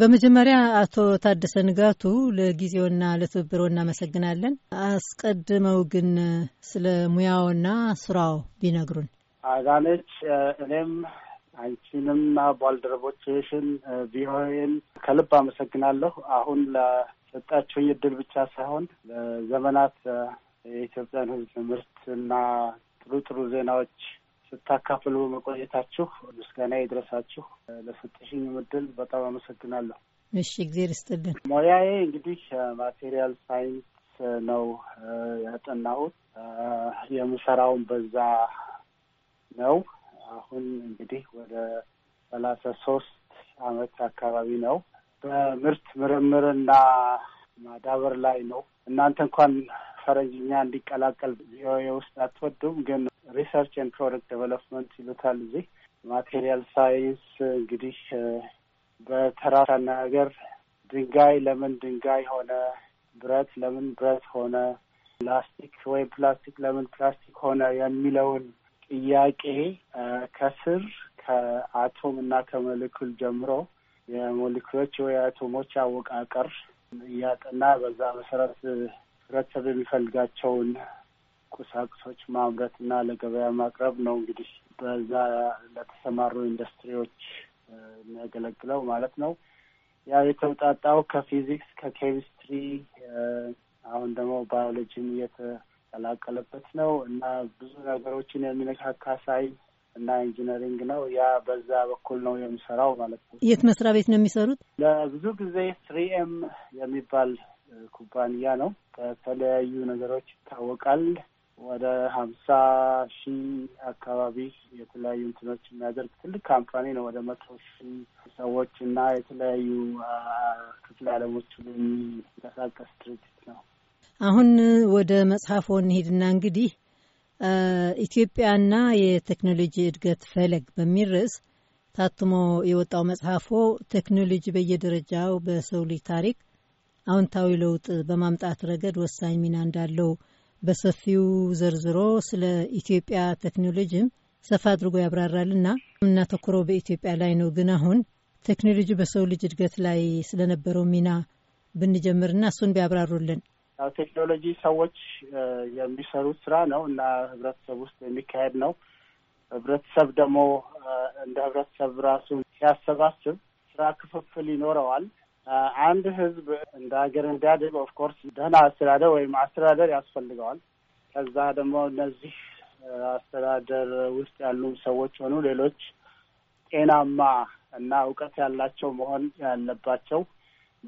በመጀመሪያ አቶ ታደሰ ንጋቱ ለጊዜውና ለትብብሮ እናመሰግናለን። አስቀድመው ግን ስለ ሙያውና ስራው ቢነግሩን። አዳነች፣ እኔም አንቺንምና ባልደረቦችሽን ቪኦኤን ከልብ አመሰግናለሁ። አሁን ለሰጣችሁኝ እድል ብቻ ሳይሆን ለዘመናት የኢትዮጵያን ሕዝብ ትምህርት ጥሩ ጥሩ ዜናዎች ስታካፍሉ መቆየታችሁ ምስጋና ይድረሳችሁ። ለሰጠሽኝ ምድል በጣም አመሰግናለሁ። እሺ፣ እግዜር ይስጥልን። ሙያዬ እንግዲህ ማቴሪያል ሳይንስ ነው ያጠናሁት። የምሰራውን በዛ ነው። አሁን እንግዲህ ወደ ሰላሳ ሶስት አመት አካባቢ ነው። በምርት ምርምርና ማዳበር ላይ ነው። እናንተ እንኳን ፈረንጅኛ እንዲቀላቀል ቪኦኤ ውስጥ አትወዱም፣ ግን ሪሰርች ኤንድ ፕሮደክት ዴቨሎፕመንት ይሉታል። እዚህ ማቴሪያል ሳይንስ እንግዲህ በተራሳ ነገር ድንጋይ ለምን ድንጋይ ሆነ፣ ብረት ለምን ብረት ሆነ፣ ፕላስቲክ ወይም ፕላስቲክ ለምን ፕላስቲክ ሆነ የሚለውን ጥያቄ ከስር ከአቶም እና ከሞሌኩል ጀምሮ የሞሌኩሎች ወይ አቶሞች አወቃቀር እያጠና በዛ መሰረት ህብረተሰብ የሚፈልጋቸውን ቁሳቁሶች ማምረት እና ለገበያ ማቅረብ ነው። እንግዲህ በዛ ለተሰማሩ ኢንዱስትሪዎች የሚያገለግለው ማለት ነው። ያ የተውጣጣው ከፊዚክስ ከኬሚስትሪ፣ አሁን ደግሞ ባዮሎጂን እየተቀላቀለበት ነው እና ብዙ ነገሮችን የሚነካካ ሳይንስ እና ኢንጂነሪንግ ነው። ያ በዛ በኩል ነው የሚሰራው ማለት ነው። የት መስሪያ ቤት ነው የሚሰሩት? ለብዙ ጊዜ ስሪኤም የሚባል ኩባንያ ነው። በተለያዩ ነገሮች ይታወቃል። ወደ ሀምሳ ሺህ አካባቢ የተለያዩ እንትኖች የሚያደርግ ትልቅ ካምፓኒ ነው። ወደ መቶ ሺህ ሰዎች እና የተለያዩ ክፍለ ዓለሞች የሚንቀሳቀስ ድርጅት ነው። አሁን ወደ መጽሐፎ እንሄድና እንግዲህ ኢትዮጵያና የቴክኖሎጂ እድገት ፈለግ በሚል ርዕስ ታትሞ የወጣው መጽሐፎ ቴክኖሎጂ በየደረጃው በሰው ልጅ ታሪክ አዎንታዊ ለውጥ በማምጣት ረገድ ወሳኝ ሚና እንዳለው በሰፊው ዘርዝሮ ስለ ኢትዮጵያ ቴክኖሎጂም ሰፋ አድርጎ ያብራራልና የምናተኩረው በኢትዮጵያ ላይ ነው። ግን አሁን ቴክኖሎጂ በሰው ልጅ እድገት ላይ ስለነበረው ሚና ብንጀምርና እሱን ቢያብራሩልን። ቴክኖሎጂ ሰዎች የሚሰሩት ስራ ነው እና ህብረተሰብ ውስጥ የሚካሄድ ነው። ህብረተሰብ ደግሞ እንደ ህብረተሰብ ራሱን ሲያሰባስብ ስራ ክፍፍል ይኖረዋል። አንድ ህዝብ እንደ ሀገር እንዲያድግ ኦፍኮርስ ደህና አስተዳደር ወይም አስተዳደር ያስፈልገዋል። ከዛ ደግሞ እነዚህ አስተዳደር ውስጥ ያሉ ሰዎች ሆኑ ሌሎች ጤናማ እና እውቀት ያላቸው መሆን ያለባቸው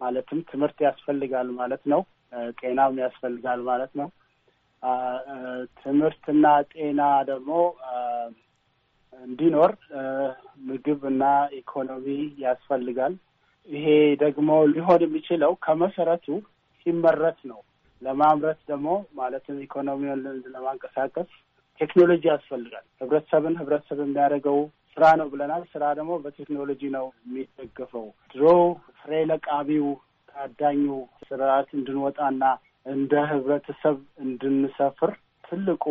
ማለትም ትምህርት ያስፈልጋል ማለት ነው። ጤናም ያስፈልጋል ማለት ነው። ትምህርትና ጤና ደግሞ እንዲኖር ምግብ እና ኢኮኖሚ ያስፈልጋል። ይሄ ደግሞ ሊሆን የሚችለው ከመሰረቱ ሲመረት ነው። ለማምረት ደግሞ ማለትም ኢኮኖሚውን ለማንቀሳቀስ ቴክኖሎጂ ያስፈልጋል። ህብረተሰብን ህብረተሰብ የሚያደርገው ስራ ነው ብለናል። ስራ ደግሞ በቴክኖሎጂ ነው የሚደገፈው። ድሮ ፍሬ ለቃቢው ታዳኙ ስርዓት እንድንወጣና እንደ ህብረተሰብ እንድንሰፍር ትልቁ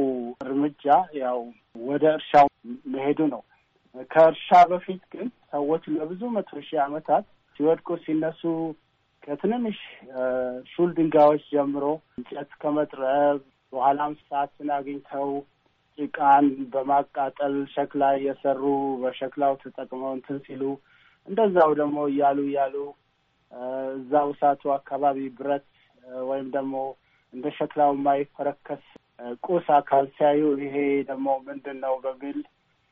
እርምጃ ያው ወደ እርሻው መሄዱ ነው። ከእርሻ በፊት ግን ሰዎች ለብዙ መቶ ሺህ ዓመታት ሲወድቁ ሲነሱ ከትንንሽ ሹል ድንጋዮች ጀምሮ እንጨት ከመጥረብ በኋላም ሰዓትን አግኝተው ጭቃን በማቃጠል ሸክላ እየሰሩ በሸክላው ተጠቅመው እንትን ሲሉ እንደዛው ደግሞ እያሉ እያሉ እዛ ውሳቱ አካባቢ ብረት ወይም ደግሞ እንደ ሸክላው የማይፈረከስ ቁስ አካል ሲያዩ ይሄ ደግሞ ምንድን ነው በሚል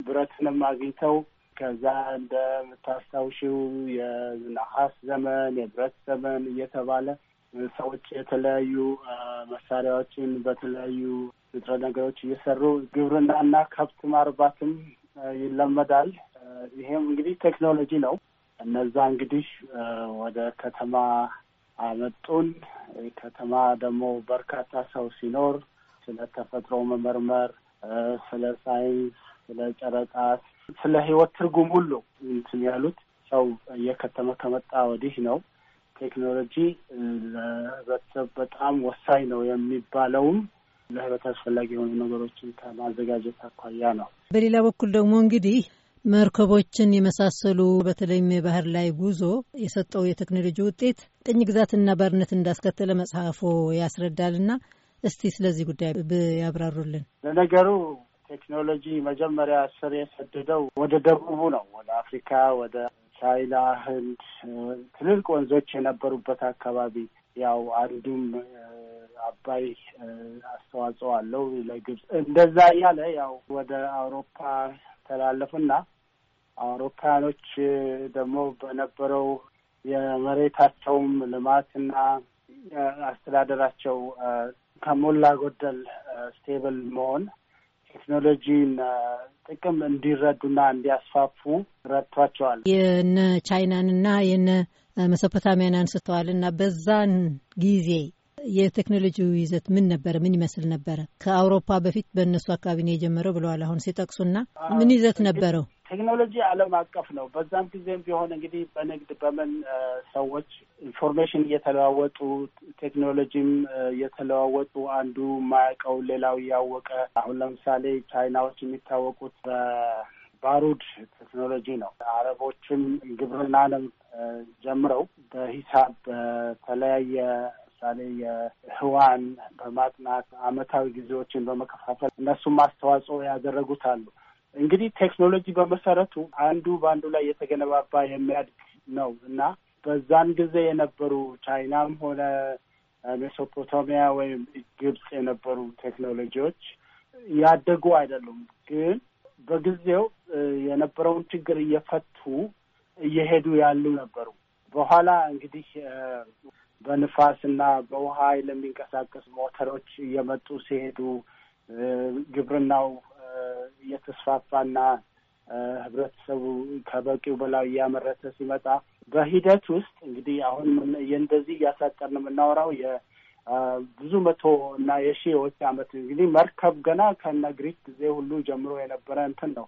ብረትንም አግኝተው ከዛ እንደምታስታውሽው የነሐስ ዘመን የብረት ዘመን እየተባለ ሰዎች የተለያዩ መሳሪያዎችን በተለያዩ ንጥረ ነገሮች እየሰሩ ግብርናና ከብት ማርባትም ይለመዳል። ይሄም እንግዲህ ቴክኖሎጂ ነው። እነዛ እንግዲህ ወደ ከተማ አመጡን። ከተማ ደግሞ በርካታ ሰው ሲኖር ስለ ተፈጥሮ መመርመር ስለ ሳይንስ፣ ስለ ጨረቃ፣ ስለ ህይወት ትርጉም ሁሉ እንትን ያሉት ሰው እየከተመ ከመጣ ወዲህ ነው። ቴክኖሎጂ ለህብረተሰብ በጣም ወሳኝ ነው የሚባለውም ለህብረተሰብ አስፈላጊ የሆኑ ነገሮችን ከማዘጋጀት አኳያ ነው። በሌላ በኩል ደግሞ እንግዲህ መርከቦችን የመሳሰሉ በተለይም የባህር ላይ ጉዞ የሰጠው የቴክኖሎጂ ውጤት ቅኝ ግዛትና ባርነት እንዳስከተለ መጽሐፎ ያስረዳልና እስቲ ስለዚህ ጉዳይ ያብራሩልን። ለነገሩ ቴክኖሎጂ መጀመሪያ ስር የሰደደው ወደ ደቡቡ ነው፣ ወደ አፍሪካ፣ ወደ ቻይና፣ ህንድ ትልልቅ ወንዞች የነበሩበት አካባቢ ያው አንዱም አባይ አስተዋጽኦ አለው ለግብፅ። እንደዛ እያለ ያው ወደ አውሮፓ ተላለፉና አውሮፓያኖች ደግሞ በነበረው የመሬታቸውም ልማትና አስተዳደራቸው ከሞላ ጎደል ስቴብል መሆን ቴክኖሎጂን ጥቅም እንዲረዱና እንዲያስፋፉ ረድቷቸዋል። የነ ቻይናንና የነ መሶፖታሚያን አንስተዋል እና በዛን ጊዜ የቴክኖሎጂ ይዘት ምን ነበረ? ምን ይመስል ነበረ? ከአውሮፓ በፊት በእነሱ አካባቢ ነው የጀመረው ብለዋል። አሁን ሲጠቅሱና ምን ይዘት ነበረው? ቴክኖሎጂ ዓለም አቀፍ ነው። በዛም ጊዜም ቢሆን እንግዲህ በንግድ በምን ሰዎች ኢንፎርሜሽን እየተለዋወጡ ቴክኖሎጂም እየተለዋወጡ አንዱ ማያውቀው ሌላው እያወቀ አሁን ለምሳሌ ቻይናዎች የሚታወቁት ባሩድ ቴክኖሎጂ ነው። አረቦችም ግብርናንም ጀምረው በሂሳብ በተለያየ ምሳሌ የህዋን በማጥናት አመታዊ ጊዜዎችን በመከፋፈል እነሱም አስተዋጽኦ ያደረጉት አሉ። እንግዲህ ቴክኖሎጂ በመሰረቱ አንዱ በአንዱ ላይ የተገነባባ የሚያድግ ነው እና በዛን ጊዜ የነበሩ ቻይናም ሆነ ሜሶፖታሚያ ወይም ግብጽ የነበሩ ቴክኖሎጂዎች ያደጉ አይደሉም፣ ግን በጊዜው የነበረውን ችግር እየፈቱ እየሄዱ ያሉ ነበሩ። በኋላ እንግዲህ እና በውሃ የሚንቀሳቀሱ ሞተሮች እየመጡ ሲሄዱ ግብርናው እየተስፋፋና ህብረተሰቡ ከበቂው በላይ እያመረተ ሲመጣ በሂደት ውስጥ እንግዲህ አሁን እንደዚህ እያሳጠርን የምናወራው የብዙ መቶ እና የሺዎች ዓመት እንግዲህ መርከብ ገና ከነ ግሪክ ጊዜ ሁሉ ጀምሮ የነበረ እንትን ነው።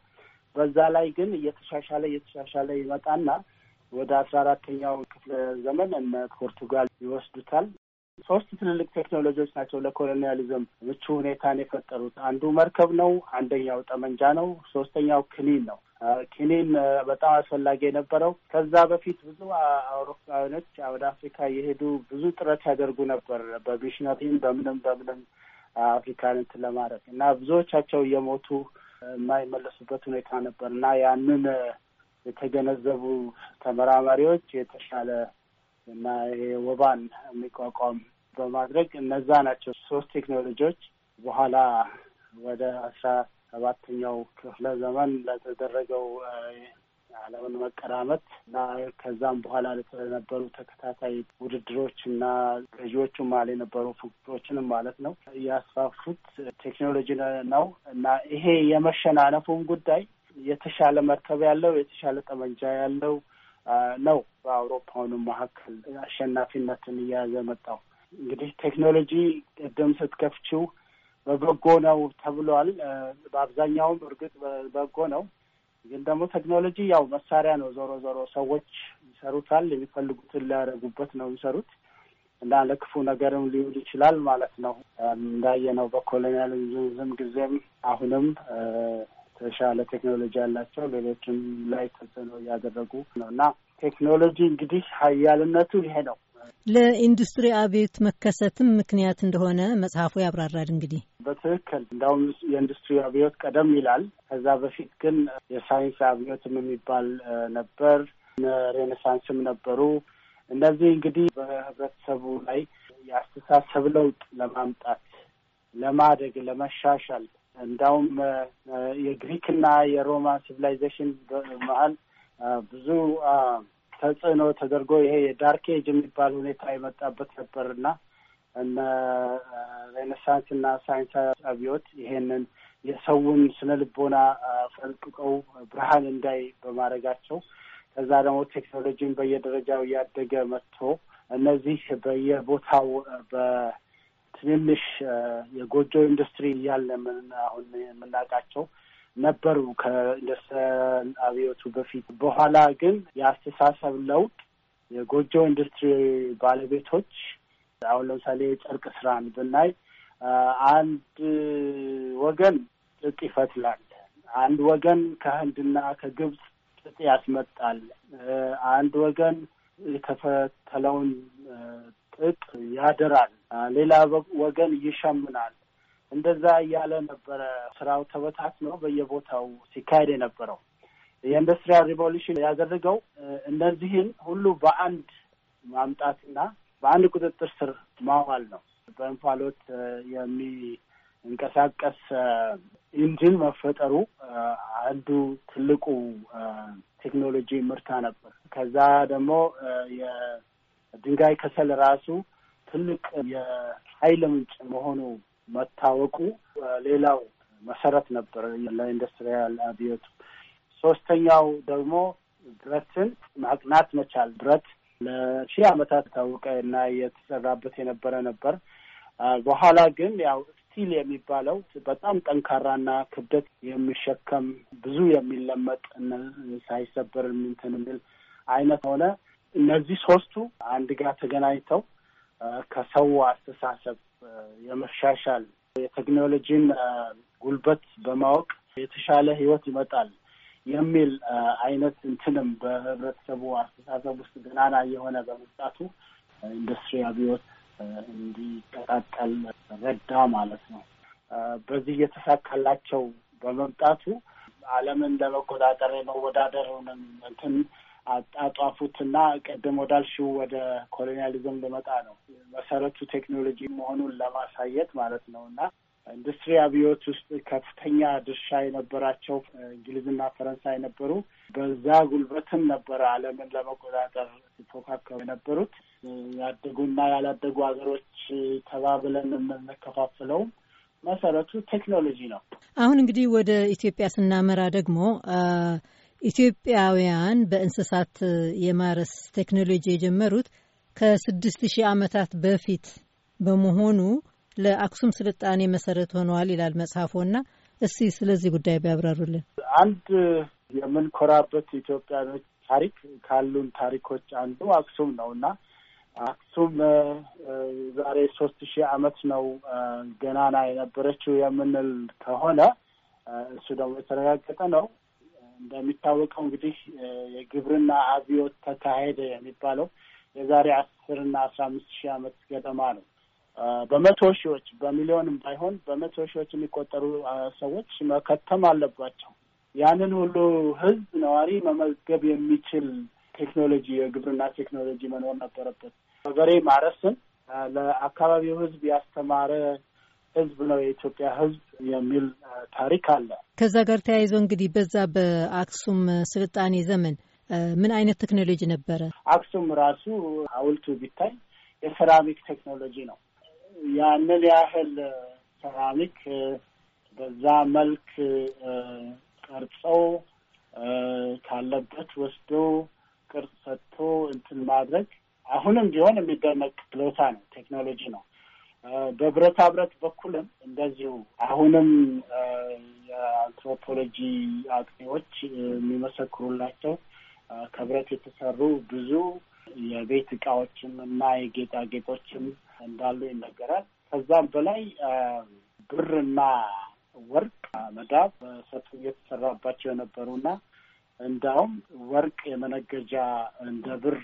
በዛ ላይ ግን እየተሻሻለ እየተሻሻለ ይመጣና ወደ አስራ አራተኛው ክፍለ ዘመን እነ ፖርቱጋል ይወስዱታል። ሶስት ትልልቅ ቴክኖሎጂዎች ናቸው ለኮሎኒያሊዝም ምቹ ሁኔታን የፈጠሩት። አንዱ መርከብ ነው፣ አንደኛው ጠመንጃ ነው፣ ሶስተኛው ክኒን ነው። ኪኒን በጣም አስፈላጊ የነበረው ከዛ በፊት ብዙ አውሮፓውያኖች ወደ አፍሪካ የሄዱ ብዙ ጥረት ያደርጉ ነበር በሚሽነሪም በምንም በምንም አፍሪካን እንትን ለማድረግ እና ብዙዎቻቸው እየሞቱ የማይመለሱበት ሁኔታ ነበር እና ያንን የተገነዘቡ ተመራማሪዎች የተሻለ እና ወባን የሚቋቋም በማድረግ እነዛ ናቸው ሶስት ቴክኖሎጂዎች በኋላ ወደ አስራ ሰባተኛው ክፍለ ዘመን ለተደረገው ዓለምን መቀራመት እና ከዛም በኋላ ለነበሩ ተከታታይ ውድድሮች እና ገዢዎቹ ማል የነበሩ ፉክክሮችንም ማለት ነው ያስፋፉት ቴክኖሎጂ ነው እና ይሄ የመሸናነፉን ጉዳይ የተሻለ መርከብ ያለው የተሻለ ጠመንጃ ያለው ነው በአውሮፓውንም መካከል አሸናፊነትን እየያዘ መጣው። እንግዲህ ቴክኖሎጂ ቅድም ስትከፍችው በበጎ ነው ተብሏል። በአብዛኛውም እርግጥ በበጎ ነው። ግን ደግሞ ቴክኖሎጂ ያው መሳሪያ ነው። ዞሮ ዞሮ ሰዎች ይሰሩታል። የሚፈልጉትን ሊያደርጉበት ነው የሚሰሩት እና ለክፉ ነገርም ሊውል ይችላል ማለት ነው። እንዳየነው በኮሎኒያሊዝም ጊዜም አሁንም የተሻለ ቴክኖሎጂ ያላቸው ሌሎችም ላይ ተጽዕኖ እያደረጉ ነው እና ቴክኖሎጂ እንግዲህ ሀያልነቱ ይሄ ነው። ለኢንዱስትሪ አብዮት መከሰትም ምክንያት እንደሆነ መጽሐፉ ያብራራል። እንግዲህ በትክክል እንዲያውም የኢንዱስትሪ አብዮት ቀደም ይላል። ከዛ በፊት ግን የሳይንስ አብዮትም የሚባል ነበር፣ ሬኔሳንስም ነበሩ። እነዚህ እንግዲህ በህብረተሰቡ ላይ የአስተሳሰብ ለውጥ ለማምጣት ለማደግ፣ ለመሻሻል እንዲያውም የግሪክና የሮማ ሲቪላይዜሽን መሀል ብዙ ተጽዕኖ ተደርጎ ይሄ የዳርክ ኤጅ የሚባል ሁኔታ የመጣበት ነበር እና እነ ሬኔሳንስ እና ሳይንስ አብዮት ይሄንን የሰውን ስነ ልቦና ፈልቅቀው ብርሃን እንዳይ በማድረጋቸው ከዛ ደግሞ ቴክኖሎጂን በየደረጃው እያደገ መጥቶ እነዚህ በየቦታው በትንንሽ የጎጆ ኢንዱስትሪ እያለ አሁን የምናውቃቸው ነበሩ ከኢንዱስትሪያል አብዮቱ በፊት። በኋላ ግን የአስተሳሰብ ለውጥ የጎጆ ኢንዱስትሪ ባለቤቶች አሁን ለምሳሌ የጨርቅ ስራን ብናይ አንድ ወገን ጥጥ ይፈትላል፣ አንድ ወገን ከህንድና ከግብፅ ጥጥ ያስመጣል፣ አንድ ወገን የተፈተለውን ጥጥ ያደራል ሌላ ወገን ይሸምናል። እንደዛ እያለ ነበረ ስራው ተበታትኖ በየቦታው ሲካሄድ የነበረው። የኢንዱስትሪያል ሪቮሉሽን ያደረገው እነዚህን ሁሉ በአንድ ማምጣትና በአንድ ቁጥጥር ስር ማዋል ነው። በእንፋሎት የሚንቀሳቀስ ኢንጂን መፈጠሩ አንዱ ትልቁ ቴክኖሎጂ ምርታ ነበር። ከዛ ደግሞ የድንጋይ ከሰል ራሱ ትልቅ የኃይል ምንጭ መሆኑ መታወቁ ሌላው መሰረት ነበር ለኢንዱስትሪያል አብዮቱ። ሶስተኛው ደግሞ ብረትን ማቅናት መቻል። ብረት ለሺህ ዓመታት ታወቀ እና የተሰራበት የነበረ ነበር። በኋላ ግን ያው ስቲል የሚባለው በጣም ጠንካራና ክብደት የሚሸከም ብዙ የሚለመጥ ሳይሰበር እንትን የሚል አይነት ሆነ። እነዚህ ሶስቱ አንድ ጋር ተገናኝተው ከሰው አስተሳሰብ የመሻሻል የቴክኖሎጂን ጉልበት በማወቅ የተሻለ ህይወት ይመጣል የሚል አይነት እንትንም በህብረተሰቡ አስተሳሰብ ውስጥ ገናና የሆነ በመምጣቱ ኢንዱስትሪ አብዮት እንዲቀጣጠል ረዳ ማለት ነው። በዚህ እየተሳካላቸው በመምጣቱ ዓለምን ለመቆጣጠር የመወዳደሩንም እንትን አጣጧፉትና ቀደም ወዳልሽው ወደ ኮሎኒያሊዝም ልመጣ ነው። መሰረቱ ቴክኖሎጂ መሆኑን ለማሳየት ማለት ነው እና ኢንዱስትሪ አብዮት ውስጥ ከፍተኛ ድርሻ የነበራቸው እንግሊዝና ፈረንሳይ ነበሩ። በዛ ጉልበትም ነበረ ዓለምን ለመቆጣጠር ሲፎካከሩ የነበሩት። ያደጉና ያላደጉ ሀገሮች ተባብለን የምንከፋፍለው መሰረቱ ቴክኖሎጂ ነው። አሁን እንግዲህ ወደ ኢትዮጵያ ስናመራ ደግሞ ኢትዮጵያውያን በእንስሳት የማረስ ቴክኖሎጂ የጀመሩት ከስድስት ሺህ ዓመታት በፊት በመሆኑ ለአክሱም ስልጣኔ መሰረት ሆነዋል ይላል መጽሐፎና እስቲ ስለዚህ ጉዳይ ቢያብራሩልን። አንድ የምንኮራበት ኢትዮጵያኖች ታሪክ ካሉን ታሪኮች አንዱ አክሱም ነው እና አክሱም ዛሬ ሶስት ሺህ ዓመት ነው ገናና የነበረችው የምንል ከሆነ እሱ ደግሞ የተረጋገጠ ነው። እንደሚታወቀው እንግዲህ የግብርና አብዮት ተካሄደ የሚባለው የዛሬ አስር እና አስራ አምስት ሺህ ዓመት ገደማ ነው። በመቶ ሺዎች በሚሊዮንም ባይሆን በመቶ ሺዎች የሚቆጠሩ ሰዎች መከተም አለባቸው። ያንን ሁሉ ህዝብ ነዋሪ መመዝገብ የሚችል ቴክኖሎጂ የግብርና ቴክኖሎጂ መኖር ነበረበት። በበሬ ማረስን ለአካባቢው ህዝብ ያስተማረ ህዝብ ነው የኢትዮጵያ ህዝብ የሚል ታሪክ አለ። ከዛ ጋር ተያይዞ እንግዲህ በዛ በአክሱም ስልጣኔ ዘመን ምን አይነት ቴክኖሎጂ ነበረ? አክሱም ራሱ ሀውልቱ ቢታይ የሴራሚክ ቴክኖሎጂ ነው። ያንን ያህል ሴራሚክ በዛ መልክ ቀርጸው ካለበት ወስዶ ቅርጽ ሰጥቶ እንትን ማድረግ አሁንም ቢሆን የሚደመቅ ችሎታ ነው፣ ቴክኖሎጂ ነው። በብረታ ብረት በኩልም እንደዚሁ አሁንም የአንትሮፖሎጂ አጥኚዎች የሚመሰክሩላቸው ከብረት የተሰሩ ብዙ የቤት እቃዎችም እና የጌጣጌጦችም እንዳሉ ይነገራል። ከዛም በላይ ብርና ወርቅ መዳብ በሰቱ የነበሩ የነበሩና እንዳውም ወርቅ የመነገጃ እንደ ብር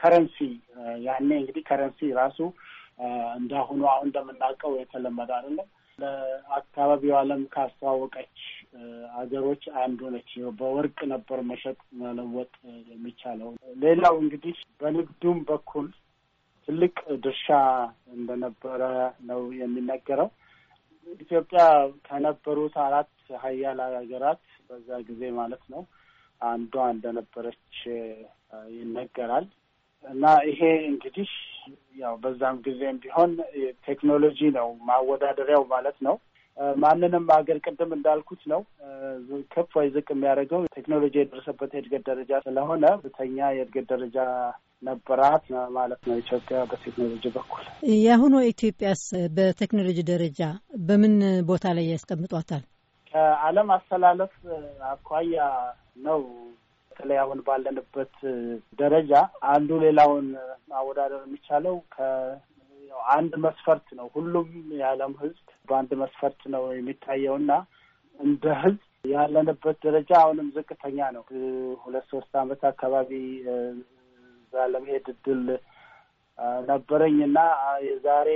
ከረንሲ ያኔ እንግዲህ ከረንሲ ራሱ እንዳሁኑ አሁን እንደምናውቀው የተለመደ አይደለም። ለአካባቢው ዓለም ካስተዋወቀች አገሮች አንዱ ነች። በወርቅ ነበር መሸጥ መለወጥ የሚቻለው። ሌላው እንግዲህ በንግዱም በኩል ትልቅ ድርሻ እንደነበረ ነው የሚነገረው። ኢትዮጵያ ከነበሩት አራት ሀያል ሀገራት በዛ ጊዜ ማለት ነው አንዷ እንደነበረች ይነገራል። እና ይሄ እንግዲህ ያው በዛም ጊዜም ቢሆን ቴክኖሎጂ ነው ማወዳደሪያው ማለት ነው። ማንንም ሀገር ቅድም እንዳልኩት ነው ከፍ ወይ ዝቅ የሚያደርገው ቴክኖሎጂ የደረሰበት የእድገት ደረጃ ስለሆነ ብተኛ የእድገት ደረጃ ነበራት ማለት ነው ኢትዮጵያ በቴክኖሎጂ በኩል። የአሁኑ ኢትዮጵያስ በቴክኖሎጂ ደረጃ በምን ቦታ ላይ ያስቀምጧታል? ከዓለም አስተላለፍ አኳያ ነው በተለይ አሁን ባለንበት ደረጃ አንዱ ሌላውን ማወዳደር የሚቻለው ከአንድ መስፈርት ነው። ሁሉም የዓለም ሕዝብ በአንድ መስፈርት ነው የሚታየው እና እንደ ሕዝብ ያለንበት ደረጃ አሁንም ዝቅተኛ ነው። ሁለት ሶስት ዓመት አካባቢ እዛ ለመሄድ እድል ነበረኝ እና የዛሬ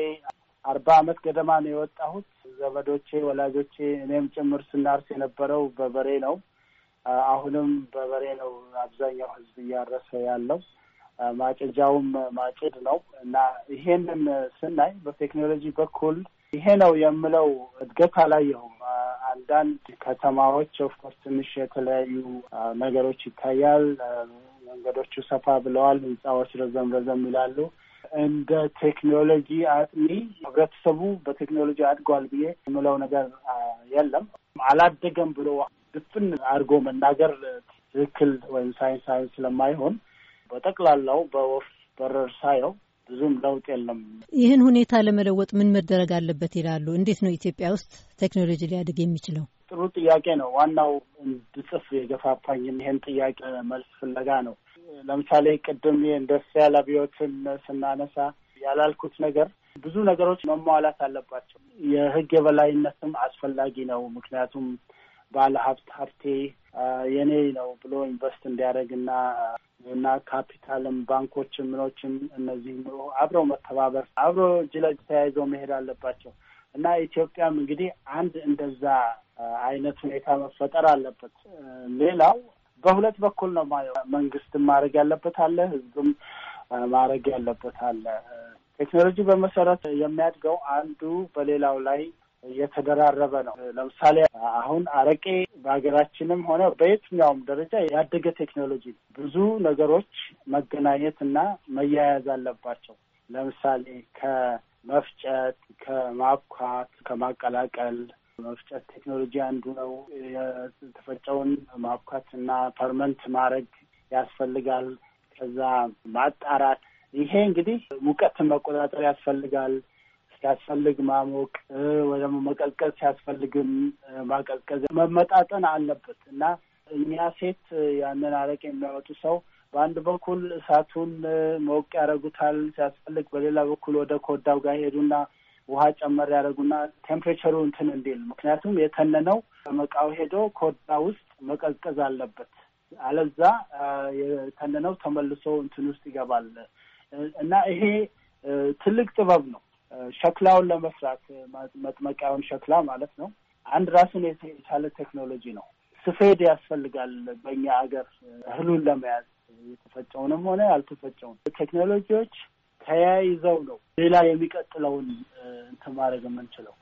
አርባ ዓመት ገደማ ነው የወጣሁት። ዘመዶቼ፣ ወላጆቼ እኔም ጭምር ስናርስ የነበረው በበሬ ነው። አሁንም በበሬ ነው አብዛኛው ህዝብ እያረሰ ያለው። ማጨጃውም ማጭድ ነው እና ይሄንን ስናይ በቴክኖሎጂ በኩል ይሄ ነው የምለው እድገት አላየሁም። አንዳንድ ከተማዎች ኦፍኮርስ ትንሽ የተለያዩ ነገሮች ይታያል። መንገዶቹ ሰፋ ብለዋል፣ ህንፃዎች ረዘም ረዘም ይላሉ። እንደ ቴክኖሎጂ አጥኒ ህብረተሰቡ በቴክኖሎጂ አድጓል ብዬ የምለው ነገር የለም። አላደገም ብሎ ድፍን አድርጎ መናገር ትክክል ወይም ሳይንሳዊ ስለማይሆን በጠቅላላው በወፍ በረር ሳየው ብዙም ለውጥ የለም። ይህን ሁኔታ ለመለወጥ ምን መደረግ አለበት ይላሉ? እንዴት ነው ኢትዮጵያ ውስጥ ቴክኖሎጂ ሊያድግ የሚችለው? ጥሩ ጥያቄ ነው። ዋናው እንድጽፍ የገፋፋኝን ይህን ጥያቄ መልስ ፍለጋ ነው። ለምሳሌ ቅድም የኢንዱስትሪያል አብዮትን ስናነሳ ያላልኩት ነገር ብዙ ነገሮች መሟላት አለባቸው። የህግ የበላይነትም አስፈላጊ ነው። ምክንያቱም ባለ ሀብት ሀብቴ የኔ ነው ብሎ ኢንቨስት እንዲያደርግ እና እና ካፒታልም ባንኮችም ምኖችም እነዚህ አብረው መተባበር አብሮ ጅለጅ ተያይዘው መሄድ አለባቸው እና ኢትዮጵያም እንግዲህ አንድ እንደዛ አይነት ሁኔታ መፈጠር አለበት። ሌላው በሁለት በኩል ነው ማየው። መንግስትም ማድረግ ያለበት አለ፣ ህዝብም ማድረግ ያለበት አለ። ቴክኖሎጂ በመሰረት የሚያድገው አንዱ በሌላው ላይ እየተደራረበ ነው። ለምሳሌ አሁን አረቄ በሀገራችንም ሆነ በየትኛውም ደረጃ ያደገ ቴክኖሎጂ ብዙ ነገሮች መገናኘት እና መያያዝ አለባቸው። ለምሳሌ ከመፍጨት፣ ከማብኳት፣ ከማቀላቀል መፍጨት ቴክኖሎጂ አንዱ ነው። የተፈጨውን ማብኳት እና ፐርመንት ማድረግ ያስፈልጋል። ከዛ ማጣራት። ይሄ እንግዲህ ሙቀትን መቆጣጠር ያስፈልጋል። ሲያስፈልግ ማሞቅ ወይ ደግሞ መቀዝቀዝ ሲያስፈልግም ማቀዝቀዝ መመጣጠን አለበት እና እኛ ሴት ያንን አረቄ የሚያወጡ ሰው በአንድ በኩል እሳቱን መወቅ ያደርጉታል ሲያስፈልግ፣ በሌላ በኩል ወደ ኮዳው ጋር ሄዱና ውሃ ጨመር ያደረጉና ቴምፕሬቸሩ እንትን እንዲል ምክንያቱም የተነነው መቃው ሄዶ ኮዳ ውስጥ መቀዝቀዝ አለበት። አለዛ የተነነው ተመልሶ እንትን ውስጥ ይገባል እና ይሄ ትልቅ ጥበብ ነው። ሸክላውን ለመስራት መጥመቂያውን ሸክላ ማለት ነው። አንድ ራሱን የቻለ ቴክኖሎጂ ነው። ስፌድ ያስፈልጋል። በእኛ ሀገር እህሉን ለመያዝ የተፈጨውንም ሆነ ያልተፈጨውን ቴክኖሎጂዎች ተያይዘው ነው ሌላ የሚቀጥለውን እንትን ማድረግ የምንችለው።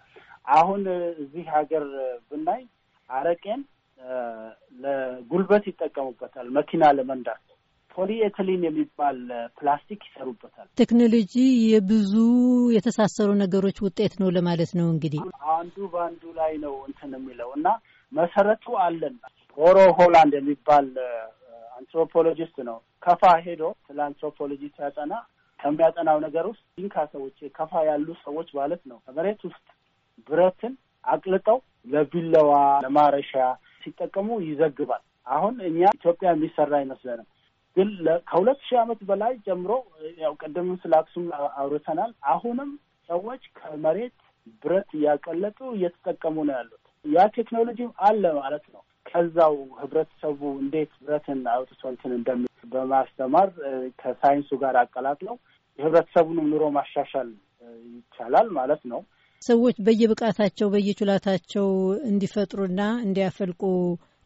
አሁን እዚህ ሀገር ብናይ አረቄን ለጉልበት ይጠቀሙበታል መኪና ለመንዳት ፖሊኤትሊን የሚባል ፕላስቲክ ይሰሩበታል። ቴክኖሎጂ የብዙ የተሳሰሩ ነገሮች ውጤት ነው ለማለት ነው እንግዲህ አንዱ በአንዱ ላይ ነው እንትን የሚለው እና መሰረቱ አለን። ኦሮ ሆላንድ የሚባል አንትሮፖሎጂስት ነው ከፋ ሄዶ ስለ አንትሮፖሎጂ ሲያጠና ከሚያጠናው ነገር ውስጥ ዲንካ ሰዎች ከፋ ያሉ ሰዎች ማለት ነው ከመሬት ውስጥ ብረትን አቅልጠው ለቢለዋ ለማረሻ ሲጠቀሙ ይዘግባል። አሁን እኛ ኢትዮጵያ የሚሰራ አይመስለንም። ግን ከሁለት ሺህ ዓመት በላይ ጀምሮ ያው ቅድም ስለ አክሱም አውርተናል። አሁንም ሰዎች ከመሬት ብረት እያቀለጡ እየተጠቀሙ ነው ያሉት። ያ ቴክኖሎጂም አለ ማለት ነው። ከዛው ህብረተሰቡ እንዴት ብረትን አውጥቶ እንትን እንደሚ በማስተማር ከሳይንሱ ጋር አቀላቅለው የህብረተሰቡንም ኑሮ ማሻሻል ይቻላል ማለት ነው። ሰዎች በየብቃታቸው በየችላታቸው እንዲፈጥሩና እንዲያፈልቁ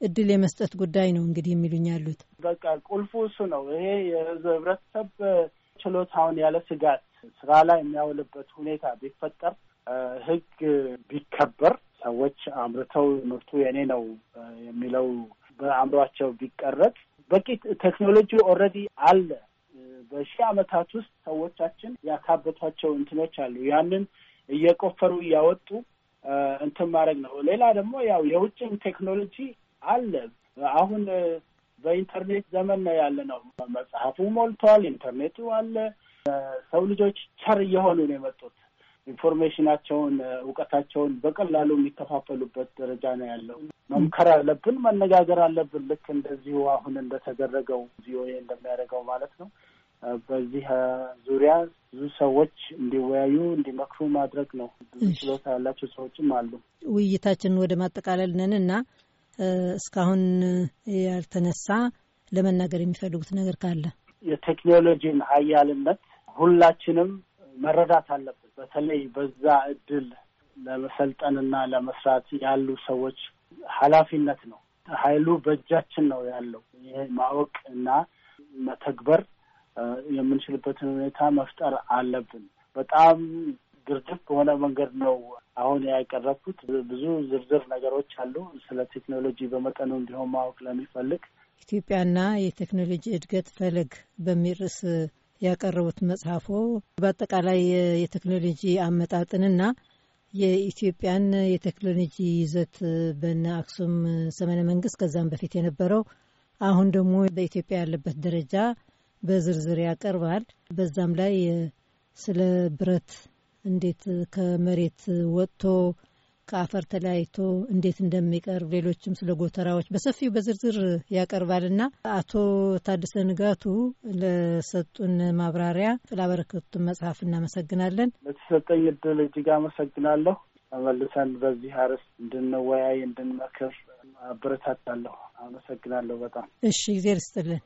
እድል የመስጠት ጉዳይ ነው እንግዲህ የሚሉኝ ያሉት። በቃ ቁልፉ እሱ ነው። ይሄ የህብረተሰብ ችሎታውን ያለ ስጋት ስራ ላይ የሚያውልበት ሁኔታ ቢፈጠር፣ ህግ ቢከበር፣ ሰዎች አምርተው ምርቱ የኔ ነው የሚለው በአእምሯቸው ቢቀረጽ፣ በቂ ቴክኖሎጂ ኦልሬዲ አለ። በሺህ ዓመታት ውስጥ ሰዎቻችን ያካበቷቸው እንትኖች አሉ። ያንን እየቆፈሩ እያወጡ እንትን ማድረግ ነው። ሌላ ደግሞ ያው የውጭን ቴክኖሎጂ አለ። አሁን በኢንተርኔት ዘመን ነው ያለ ነው። መጽሐፉ ሞልቷል፣ ኢንተርኔቱ አለ። ሰው ልጆች ቸር እየሆኑ ነው የመጡት። ኢንፎርሜሽናቸውን፣ እውቀታቸውን በቀላሉ የሚከፋፈሉበት ደረጃ ነው ያለው። መምከር አለብን፣ መነጋገር አለብን። ልክ እንደዚሁ አሁን እንደተደረገው ቪኦኤ እንደሚያደርገው ማለት ነው። በዚህ ዙሪያ ብዙ ሰዎች እንዲወያዩ እንዲመክሩ ማድረግ ነው። ብዙ ችሎታ ያላቸው ሰዎችም አሉ። ውይይታችንን ወደ ማጠቃለል ነን እና እስካሁን ያልተነሳ ለመናገር የሚፈልጉት ነገር ካለ? የቴክኖሎጂን ሀያልነት ሁላችንም መረዳት አለብን። በተለይ በዛ እድል ለመሰልጠንና ለመስራት ያሉ ሰዎች ኃላፊነት ነው። ኃይሉ በእጃችን ነው ያለው። ይሄ ማወቅ እና መተግበር የምንችልበትን ሁኔታ መፍጠር አለብን። በጣም ግርድፍ በሆነ መንገድ ነው አሁን ያቀረብኩት። ብዙ ዝርዝር ነገሮች አሉ። ስለ ቴክኖሎጂ በመጠኑ እንዲሆን ማወቅ ለሚፈልግ ኢትዮጵያና የቴክኖሎጂ እድገት ፈለግ በሚል ርዕስ ያቀረቡት መጽሐፎ በአጠቃላይ የቴክኖሎጂ አመጣጥንና የኢትዮጵያን የቴክኖሎጂ ይዘት በነ አክሱም ዘመነ መንግስት ከዛም በፊት የነበረው አሁን ደግሞ በኢትዮጵያ ያለበት ደረጃ በዝርዝር ያቀርባል። በዛም ላይ ስለ ብረት እንዴት ከመሬት ወጥቶ ከአፈር ተለያይቶ እንዴት እንደሚቀርብ ሌሎችም ስለ ጎተራዎች በሰፊው በዝርዝር ያቀርባልና አቶ ታደሰ ንጋቱ ለሰጡን ማብራሪያ ስላበረከቱትን መጽሐፍ እናመሰግናለን። ለተሰጠኝ እድል እጅግ አመሰግናለሁ። ተመልሰን በዚህ አርስ እንድንወያይ እንድንመክር አበረታታለሁ። አመሰግናለሁ በጣም እሺ፣ ጊዜ ልስጥልን።